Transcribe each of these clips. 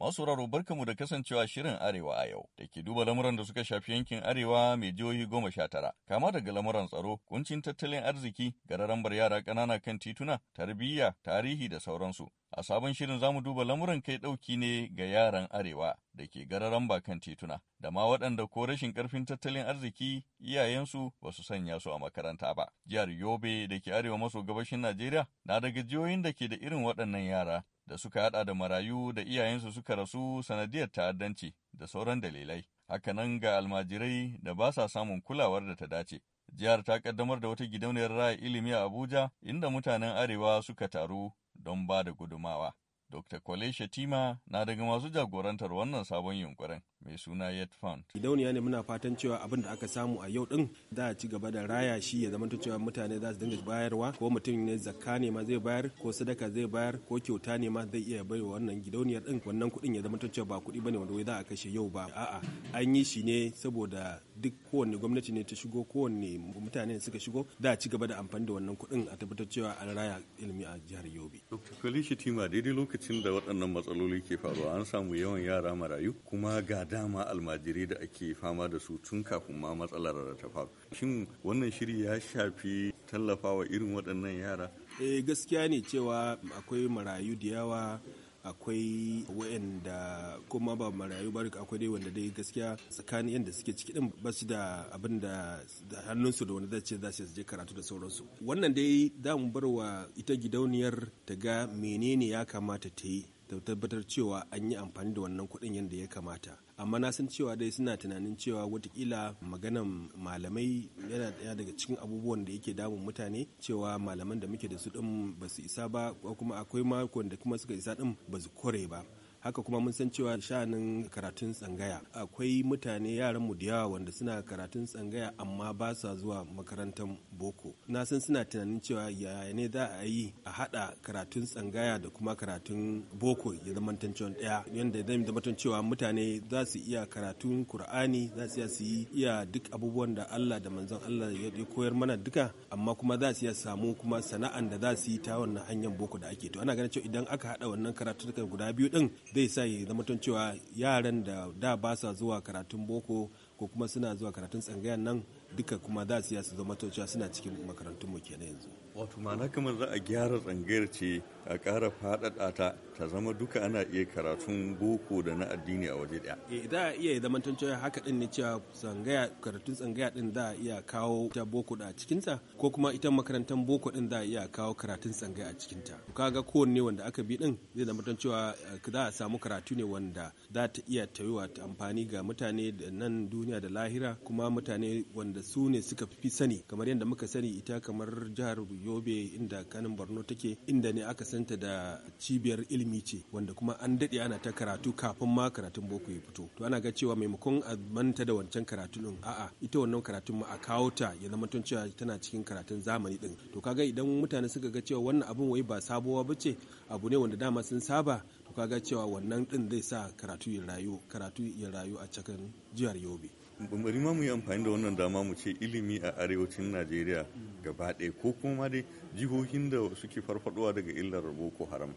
Masu raro barkamu da kasancewa shirin Arewa a yau da ke duba lamuran da suka shafi yankin Arewa mai jihohi goma sha tara, kama daga lamuran tsaro, kuncin tattalin arziki, bar yara ƙanana kan tituna, tarbiyya, tarihi da sauransu. A sabon shirin zamu duba lamuran kai ɗauki ne ga yaran Arewa da ke gararamba kan tituna, da ma waɗanda ko rashin ƙarfin tattalin arziki iyayensu ba su sanya su a makaranta ba. Jihar Yobe da ke arewa maso gabashin Najeriya na daga jihohin da ke da irin waɗannan yara da suka haɗa da marayu da iyayensu suka rasu sanadiyar ta'addanci da sauran dalilai. Hakanan ga almajirai da ba sa samun kulawar da ta dace. Jihar ta ƙaddamar da wata gidauniyar raya ilimi a Abuja inda mutanen Arewa suka taru don ba da gudumawa. Dr. Kwale Shatima na daga masu jagorantar wannan sabon yunkurin mai suna Yet Fund. Gidauniya ne muna fatan cewa abin da aka samu a yau din za a ci gaba da raya shi ya zama cewa mutane za su dinga bayarwa ko mutum ne zakka ne ma zai bayar ko sadaka zai bayar ko kyauta ne ma zai iya baiwa wannan gidauniyar din wannan kuɗin ya zama cewa ba kuɗi bane wanda wai za a kashe yau ba a'a an yi shi ne saboda duk kowanne gwamnati ne ta shigo kowanne mutane suka shigo da ci gaba da amfani da wannan kuɗin a tabbatar cewa an raya ilimi a jihar Yobe. Dr. felicia Tima daidai lokacin da waɗannan matsaloli ke faruwa an samu yawan yara marayu kuma ga dama almajirai da ake fama da su tun kafin ma matsalar da ta faru. Shin wannan shiri ya shafi tallafawa irin waɗannan yara? Eh gaskiya ne cewa akwai marayu da yawa akwai wa'anda kuma ba marayu ba akwai dai wanda dai gaskiya tsakanin yadda suke ciki din ba su da abin da hannunsu da wanda zai za su je karatu da sauransu wannan dai da mu bar wa ita gidauniyar ta ga menene ya kamata ta yi da tabbatar cewa an yi amfani da wannan kuɗin yadda ya kamata amma na san cewa dai suna tunanin cewa watakila maganan malamai yana daya daga cikin abubuwan da yake damun mutane cewa malaman da muke da su din ba su isa ba ko kuma akwai makon da kuma suka isa din ba su kore ba haka kuma mun san cewa sha'anin karatun tsangaya akwai mutane yaran mu da yawa wanda suna karatun tsangaya amma ba sa zuwa makarantar boko na san suna tunanin cewa ya ne za a yi a hada karatun tsangaya da kuma karatun boko ya zama tantan daya yanda zai zama cewa mutane za su iya karatun kur'ani za su iya su iya duk abubuwan da Allah da manzon Allah ya koyar mana duka amma kuma za su iya samu kuma sana'an da za su yi ta wannan hanyar boko da ake to ana ganin cewa idan aka hada wannan karatu guda biyu din zai sa ya zama cewa yaran da da ba sa zuwa karatun boko ko kuma suna zuwa karatun tsangayan nan duka kuma za su su zama cewa suna cikin makarantun mu kenan yanzu wato ma'ana kamar za a gyara tsangayar ce a kara faɗaɗa ta ta zama duka ana iya karatun boko da na addini a waje daya eh da iya zamantan cewa haka din ne cewa tsangaya karatun tsangaya din da iya kawo ta boko da a cikinta ko kuma ita makarantar boko din da iya kawo karatun tsangaya a cikinta kaga kowanne wanda aka bi din zai zamantan cewa eh, za a samu karatu ne wanda za ta iya tayuwa ta amfani ga mutane da nan duniya da lahira kuma mutane wanda su ne suka fi sani kamar yadda muka sani ita kamar jihar yobe inda kanin borno take inda ne aka santa da cibiyar ilimi ilimi ce wanda kuma an daɗe ana ta karatu kafin ma karatun boko ya fito to ana ga cewa maimakon a manta da wancan karatu din a'a ita wannan karatun ma a kawo ta ya zama cewa tana cikin karatun zamani din to kaga idan mutane suka ga cewa wannan abun wai ba sabuwa ba ce abu ne wanda dama sun saba to kaga cewa wannan din zai sa karatu ya rayu karatu ya rayu a cikin jihar Yobe bari ma mu yi amfani da wannan dama mu ce ilimi a arewacin najeriya gaba ɗaya ko kuma dai jihohin da suke farfadowa daga illar boko haram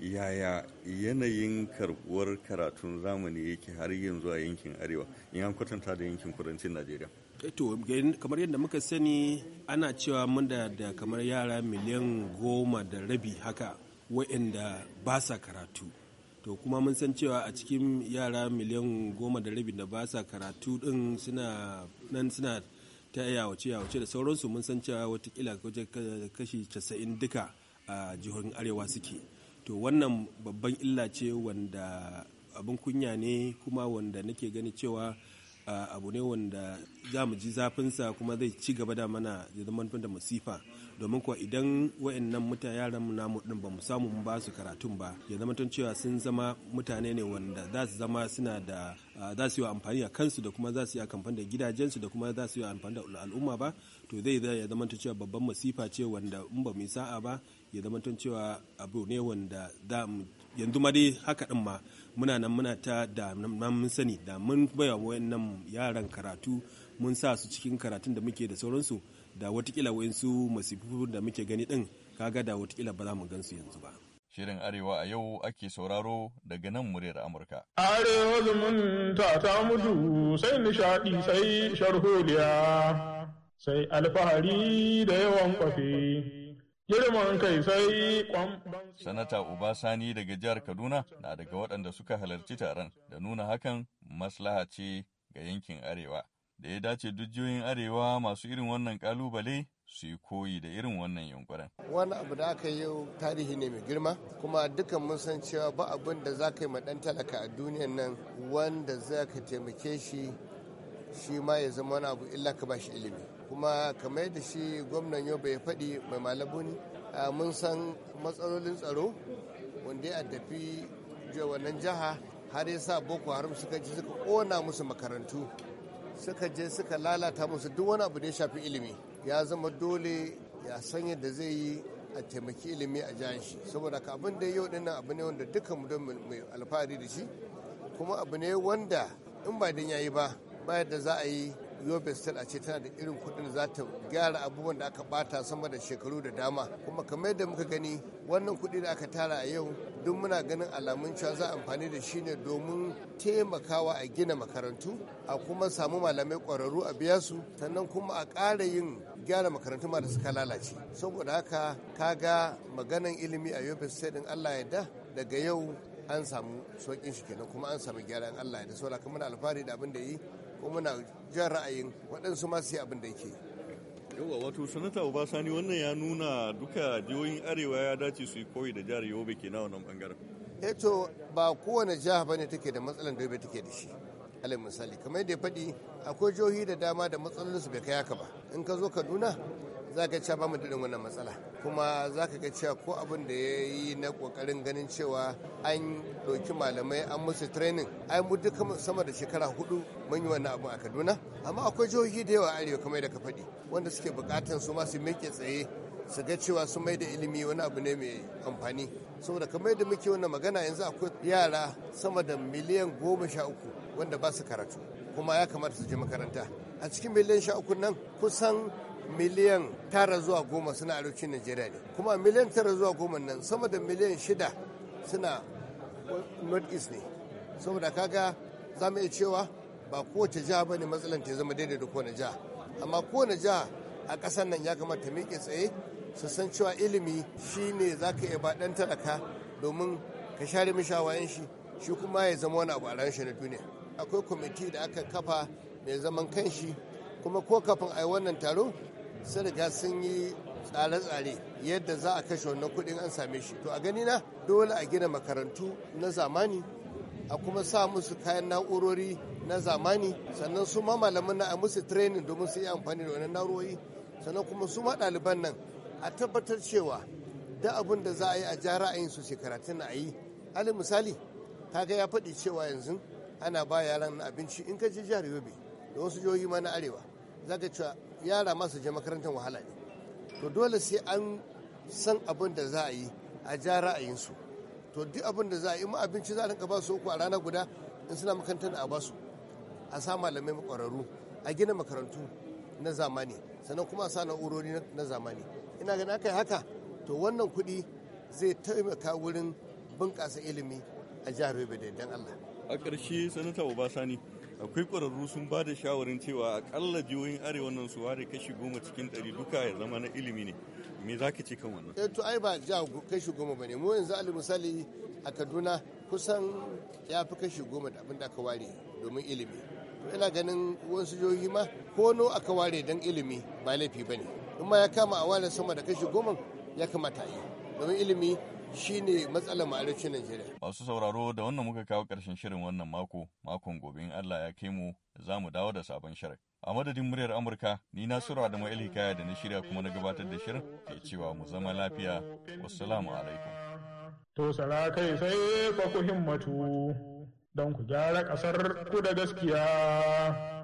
yaya yanayin karbuwar karatun zamani yake har yanzu a yankin arewa in kwatanta da yankin kudancin najeriya eh to kamar yadda muka sani ana cewa mun da kamar yara miliyan goma da rabi haka waɗanda ba sa karatu to kuma mun san cewa a cikin yara miliyan goma da rabin da ba sa karatu din suna nan suna ta yawace yawace da sauransu mun san cewa watakila kashi casa'in duka a jihohin arewa suke to wannan babban illa ce wanda abin kunya ne kuma wanda nake gani cewa abu ne wanda za mu ji zafinsa kuma zai ci gaba da mana ya da masifa domin kuwa idan wa'annan mutane yaran mu namu din ba mu samu ba su karatun ba ya zama tun cewa sun zama mutane ne wanda za su zama suna da za su yi amfani a kansu da kuma za su yi amfani da gidajensu da kuma za su yi amfani da al'umma ba to zai ya zama tun cewa babban masifa ce wanda in ba mu yi sa'a ba ya zama tun cewa abu ne wanda za mu yanzu ma dai haka din ma muna nan muna ta da mun sani da mun baya wayannan yaran karatu mun sa su cikin karatun da muke da sauransu da watakila wayansu masifu da muke gani din kaga da watakila ba za mu gansu yanzu ba Shirin Arewa a yau ake sauraro daga nan muryar Amurka. Arewa zumunta ta mutu sai nishaɗi sai sharholiya sai alfahari da yawan kwafi. girman kai sai Sanata sani daga jihar Kaduna na daga waɗanda suka halarci taron da nuna hakan maslaha ce ga yankin Arewa. da ya dace dujiyoyin arewa masu irin wannan kalubale su yi koyi da irin wannan yunkurin. Wani abu da aka yi tarihi ne mai girma kuma dukan mun san cewa ba abin da za ka yi dan talaka a duniyan nan wanda za ka taimake shi shi ma ya zama wani abu illa ka ba ilimi. Kuma kamar da shi gwamnan yau bai faɗi mai malabu ne mun san matsalolin tsaro wanda ya addafi wannan jiha har ya sa boko haram suka ji suka ƙona musu makarantu suka je suka lalata musu duk wani abu da ya shafi ilimi ya zama dole ya san yadda zai yi a taimaki ilimi a jihar shi saboda ka abin da yau dinnan abu ne wanda dukkan mu don mai alfahari da shi kuma abu ne wanda in ba dan yayi ba ba yadda za a yi yobe state a ce tana da irin kuɗin za ta gyara abubuwan da aka bata sama da shekaru da dama kuma kamar yadda muka gani wannan kuɗi da aka tara a yau duk muna ganin alamun cewa za a amfani da shi ne domin taimakawa a gina makarantu a kuma samu malamai ƙwararru a biya su sannan kuma a ƙara yin gyara makarantu ma da suka lalace saboda haka ka ga maganan ilimi a yobe state din allah ya da daga yau an samu sauƙin shi kenan kuma an samu gyara in allah ya da saboda kuma alfahari da abin da yi kuma muna jan ra'ayin waɗansu masu yi abin da yake yawa wato sanata obasani wannan ya nuna duka jihohin arewa ya dace su yi koyi da jihar yobe ke na wannan bangaren eto eh ba kowane jiha bane take da matsalan da yobe take da shi alal misali kamar da ya faɗi akwai jihohi da dama da matsalolinsu bai kai haka ba in ka zo kaduna za ka cewa mu da wannan matsala kuma za ka ga cewa ko abin da ya yi na kokarin ganin cewa an ɗauki malamai an musu training ai mu duka sama da shekara hudu mun yi wannan abin a kaduna amma akwai jihohi da yawa a arewa kamar da ka faɗi wanda suke buƙatar su ma su miƙe tsaye su ga cewa su mai da ilimi wani abu ne mai amfani saboda kamar da muke wannan magana yanzu akwai yara sama da miliyan goma sha uku wanda ba su karatu kuma ya kamata su je makaranta a cikin miliyan sha uku nan kusan miliyan tara zuwa goma suna arewacin najeriya ne kuma miliyan tara zuwa goma nan sama da miliyan shida suna north ne saboda kaga za mu iya cewa ba kowace jiha ba ne matsalan ta zama daidai da kowane jiha amma kowane jiha a ƙasar nan ya kamata miƙe tsaye su san cewa ilimi shi ne za ka iya ba ɗan talaka domin ka share mishi hawayen shi shi kuma ya zama wani abu a ran na duniya akwai kwamiti da aka kafa mai zaman kanshi kuma ko kafin a yi wannan taro sun riga sun yi tsare-tsare yadda za a kashe wannan kuɗin an same shi to a gani na dole a gina makarantu na zamani a kuma sa musu kayan na'urori na zamani sannan su ma malaman na a musu training domin su yi amfani da wannan na'urori sannan kuma su ma ɗaliban nan a tabbatar cewa da abin da za a yi a ja ra'ayin su shekaratun na a yi alin misali kaga ya faɗi cewa yanzu ana ba yaran abinci in ka je jihar yobe da wasu jihohi ma na arewa Za ka cewa yara masu je makarantar wahala ne to dole sai an san abin da za a yi a ja ra'ayinsu to duk abin da za a yi ma abinci za a rinka ba su uku a rana guda in suna makarantar a ba a sa malamai makwararru a gina makarantu na zamani sannan kuma a sa na'urori na zamani ina ganin aka yi haka to wannan kuɗi zai taimaka wurin bunƙasa ilimi a jihar Yobe da Allah. A ƙarshe sanata Obasani akwai ƙwararru sun ba da shawarin cewa akalla jihohin arewa nan su ware kashi goma cikin ɗari duka ya zama na ilimi ne me za ka ce kan wannan eh to ai ba ja kashi goma ba ne mu yanzu alal misali a kaduna kusan ya fi kashi goma da abin da aka ware domin ilimi ina ganin wasu jihohi ma ko no aka ware don ilimi ba laifi ba ne in ma ya kama a ware sama da kashi goma ya kamata a yi domin ilimi Shi ne matsalar mu Najeriya. Masu sauraro da wannan muka kawo ƙarshen shirin wannan mako, makon gobe in Allah ya kai mu za mu dawo da sabon shirin. A madadin muryar Amurka, ni na da Adamu hikaya da na shirya kuma na gabatar da shirin ke cewa mu zama lafiya. Wassalamu alaikum. To sala kai sai fa ku himmatu don ku gyara ƙasar ku da gaskiya.